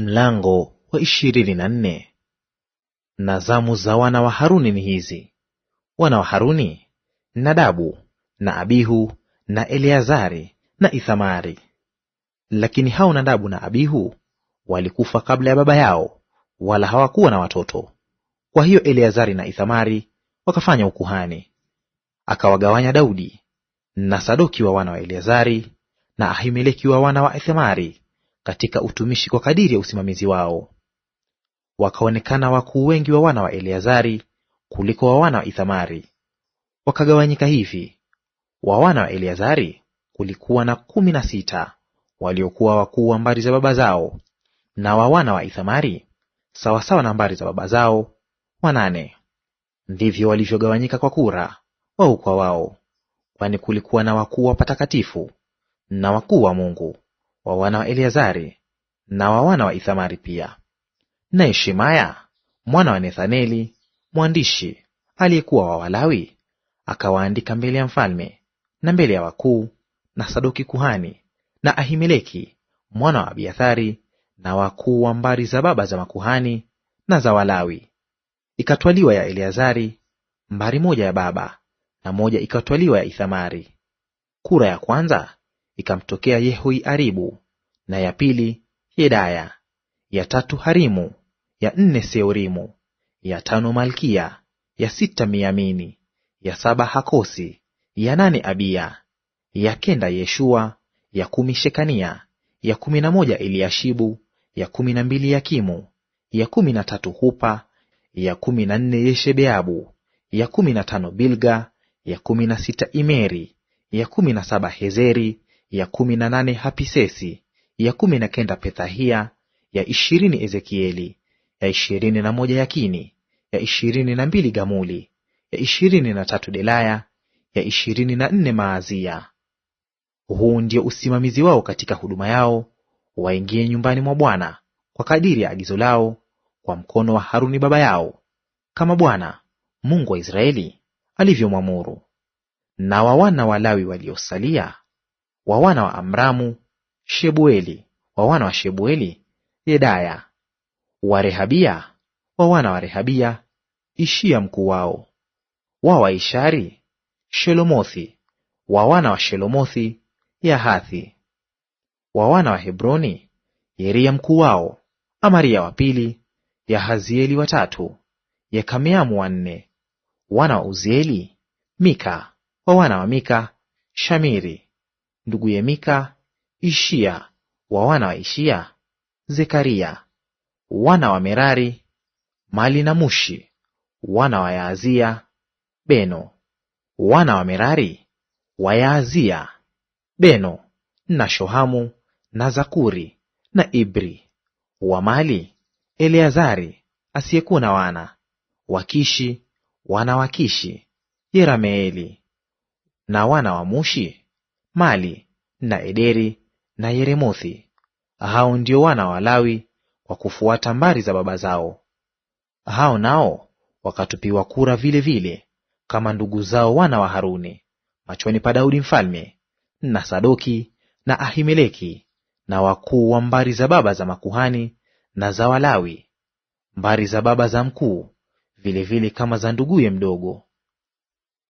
Mlango wa ishirini na nne. Na zamu za wana wa Haruni ni hizi: wana wa Haruni, Nadabu na Abihu na Eleazari na Ithamari. Lakini hao Nadabu na Abihu walikufa kabla ya baba yao, wala hawakuwa na watoto. Kwa hiyo Eleazari na Ithamari wakafanya ukuhani. Akawagawanya Daudi na Sadoki wa wana wa Eleazari na Ahimeleki wa wana wa Ithamari katika utumishi kwa kadiri ya usimamizi wao. Wakaonekana wakuu wengi wa wana wa Eleazari kuliko wa wana wa Ithamari. Wakagawanyika hivi: wa wana wa Eleazari kulikuwa na kumi na sita waliokuwa wakuu wa mbari za baba zao, na wa wana wa Ithamari sawasawa na mbari za baba zao wanane. Ndivyo walivyogawanyika kwa kura wao kwa wao, kwani kulikuwa na wakuu wa patakatifu na wakuu wa Mungu wa wana wa Eleazari na wa wana wa Ithamari pia. Naye Shemaya mwana wa Nethaneli mwandishi aliyekuwa wa Walawi akawaandika mbele ya mfalme na mbele ya wakuu na Sadoki kuhani na Ahimeleki mwana wa Abiathari na wakuu wa mbari za baba za makuhani na za Walawi. Ikatwaliwa ya Eleazari mbari moja ya baba na moja ikatwaliwa ya Ithamari. Kura ya kwanza Ikamtokea aribu na ya pili Yedaya, ya tatu Harimu, ya nne Seorimu, ya tano Malkia, ya sita Miamini, ya saba Hakosi, ya nane Abiya, ya kenda Yeshua, ya kumi Shekania, ya kumi na moja Eliashibu, ya kumi na mbili Yakimu, ya kumi na tatu Hupa, ya kumi na nne Yeshebeabu, ya kumi na tano Bilga, ya kumi na sita Imeri, ya kumi na saba Hezeri, ya kumi na nane Hapisesi, ya kumi na kenda Pethahia, ya ishirini Ezekieli, ya ishirini na moja Yakini, ya ishirini na mbili Gamuli, ya ishirini na tatu Delaya, ya ishirini na nne Maazia. Huu ndio usimamizi wao katika huduma yao waingie nyumbani mwa Bwana kwa kadiri ya agizo lao kwa mkono wa Haruni baba yao, kama Bwana Mungu wa Israeli alivyomwamuru. Na wa wana wa Lawi waliosalia wa wana wa Amramu Shebueli; wa wana wa Shebueli Yedaya; wa Rehabia wa wana wa Rehabia Ishia mkuu wao; wa Waishari Shelomothi; wa wana wa Shelomothi Yahathi; wa wana wa Hebroni Yeria mkuu wao, Amaria wa pili, Yahazieli wa tatu, Yekameamu wa nne; wana wa Uzieli Mika; wa wana wa Mika Shamiri ya Mika, Ishia wa wana wa Ishia, Zekaria. Wana wa Merari, Mali na Mushi. Wana wa Yaazia, Beno. Wana wa Merari wa Yaazia, Beno na Shohamu na Zakuri na Ibri. Wa Mali, Eleazari asiyekuwa na wana. Wakishi, wana wa Kishi, Yerameeli. Na wana wa Mushi, Mali na Ederi na Yeremothi. Hao ndio wana wa Lawi kwa kufuata mbari za baba zao. Hao nao wakatupiwa kura vile vile kama ndugu zao wana wa Haruni, machoni pa Daudi mfalme, na Sadoki na Ahimeleki na wakuu wa mbari za baba za makuhani na za Walawi, mbari za baba za mkuu vile vile kama za nduguye mdogo.